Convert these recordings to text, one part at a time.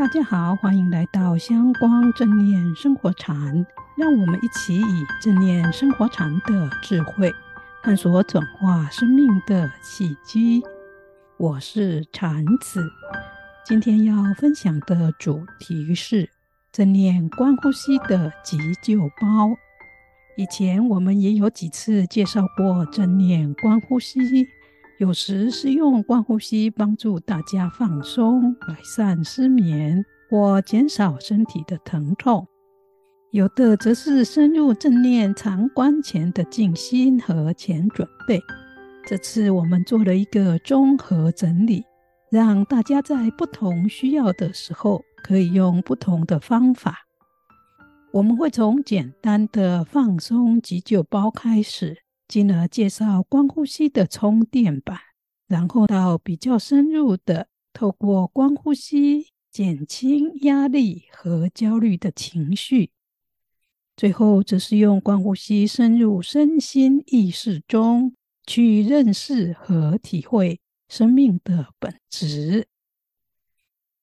大家好，歡迎來到《香光正念生活禪》，讓我們一起以正念生活禪的智慧，探索轉化生命的契機。我是禪子，今天要分享的主題是正念觀呼吸的急救包。以前我們也有幾次介紹過正念觀呼吸。有時是用觀呼吸幫助大家放鬆、改善失眠或減少身體的疼痛；有的則是深入正念禪觀前的靜心和前準備。這次我們做了一個綜合整理，讓大家在不同需要的時候可以用不同的方法，我們會從簡單的放鬆急救包開始。進而介紹觀呼吸的充電版，然後到比較深入的，透過觀呼吸減輕壓力和焦慮的情緒。最後則是用觀呼吸深入身心意識中，去認識和體會生命的本質。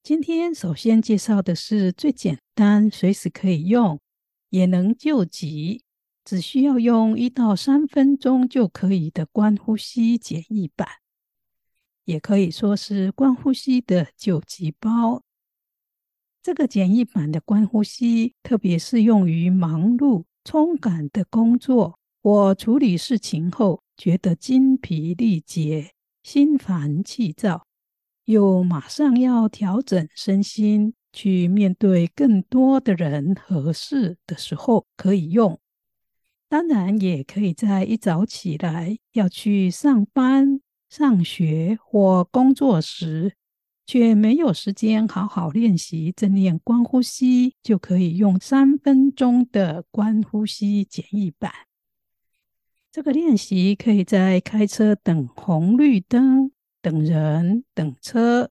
今天首先介紹的是最簡單，隨時可以用，也能救急，只需要用一到三分鐘就可以的觀呼吸簡易版，也可以說是觀呼吸的救急包。這個簡易版的觀呼吸特別適用於忙碌、衝趕的工作，或處理事情後覺得精疲力竭、心煩氣躁，又馬上要調整身心去面對更多的人和事的時候，可以用。當然，也可以在一早起來要去上班、上學或工作時，卻沒有時間好好練習正念觀呼吸，就可以用三分鐘的觀呼吸簡易版。這個練習可以在開車、等紅綠燈、等人、等車、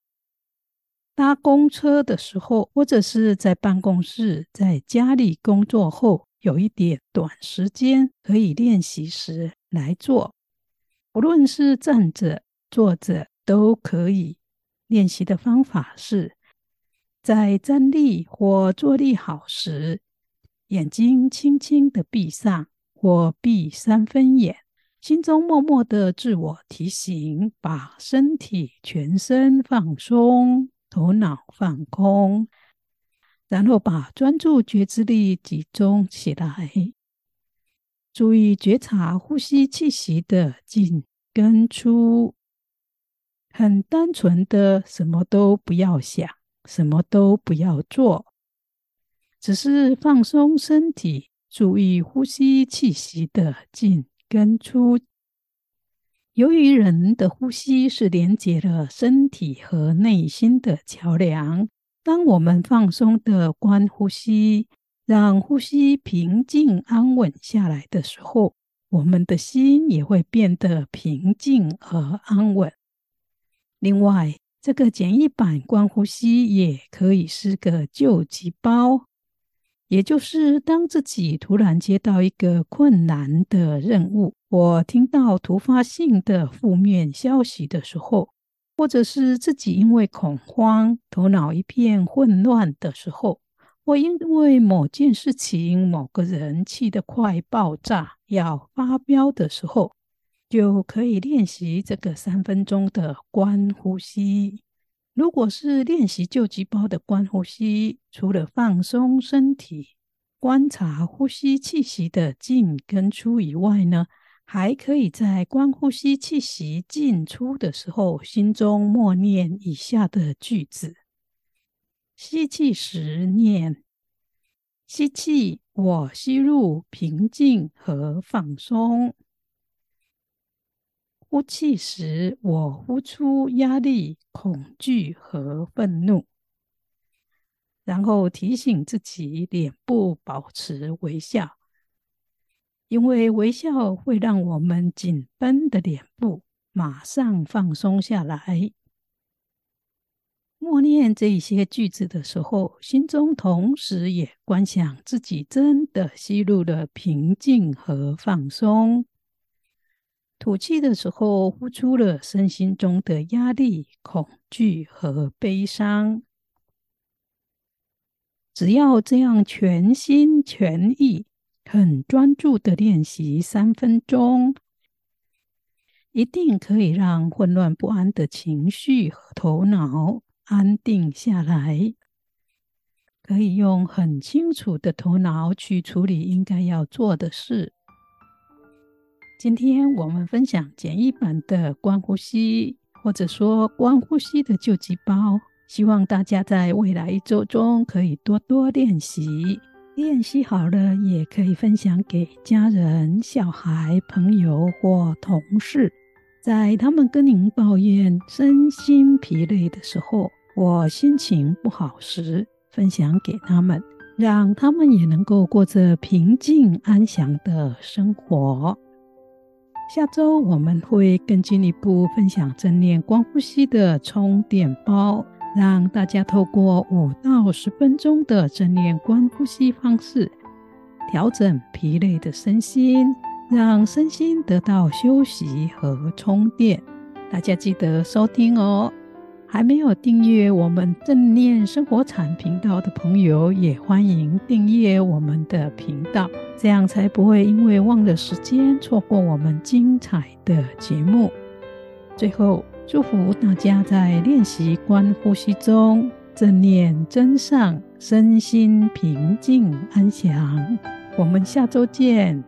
搭公車的時候，或者是在辦公室、在家裡工作後，有一點短時間可以練習時來做，無論是站着、坐着都可以。練習的方法是，在站立或坐立好時，眼睛輕輕的閉上或閉三分眼，心中默默的自我提醒，把身體全身放鬆，頭腦放空。然後把專注覺知力集中起來，注意覺察呼吸氣息的進跟出。很單純的，什麼都不要想，什麼都不要做，只是放鬆身體，注意呼吸氣息的進跟出。由於人的呼吸是連接了身體和內心的橋樑。當我們放鬆的觀呼吸，讓呼吸平靜安穩下來的時候，我們的心也會變得平靜和安穩。另外，這個簡易版觀呼吸也可以是個救急包，也就是當自己突然接到一個困難的任務，我聽到突發性的負面消息的時候。或者是自己因為恐慌，頭腦一片混亂的時候，或因為某件事情、某個人氣得快爆炸、要發飆的時候，就可以練習這個三分鐘的觀呼吸。如果是練習救急包的觀呼吸，除了放鬆身體、觀察呼吸氣息的進跟出以外呢，還可以在觀呼吸氣息進出的時候，心中默念以下的句子：吸氣時念“吸氣，我吸入平靜和放鬆”；呼氣時，我呼出壓力、恐懼和憤怒。然後提醒自己，臉部保持微笑。因為微笑會讓我們緊繃的臉部馬上放鬆下來，默念這些句子的時候，心中同時也觀想自己真的吸入了平靜和放鬆；吐氣的時候，呼出了身心中的壓力、恐懼和悲傷。只要這樣全心全意，很專注的練習三分鐘，一定可以讓混亂不安的情緒和頭腦安定下來，可以用很清楚的頭腦去處理應該要做的事。今天我們分享簡易版的觀呼吸，或者說觀呼吸的救急包，希望大家在未來一周中可以多多練習。練習好了，也可以分享給家人、小孩、朋友或同事。在他們跟您抱怨身心疲累的時候，或心情不好時，分享給他們，讓他們也能夠過着平靜安詳的生活。下週我們會更進一步分享正念觀呼吸的充電包。讓大家透過五到十分鐘的正念觀呼吸方式，調整疲累的身心，讓身心得到休息和充電。大家記得收聽哦！還沒有訂閱我們正念生活禪頻道的朋友，也歡迎訂閱我們的頻道，這樣才不會因為忘了時間，錯過我們精彩的節目。最後。祝福大家在練習觀呼吸中，正念增上，身心平靜安詳。我們下周見。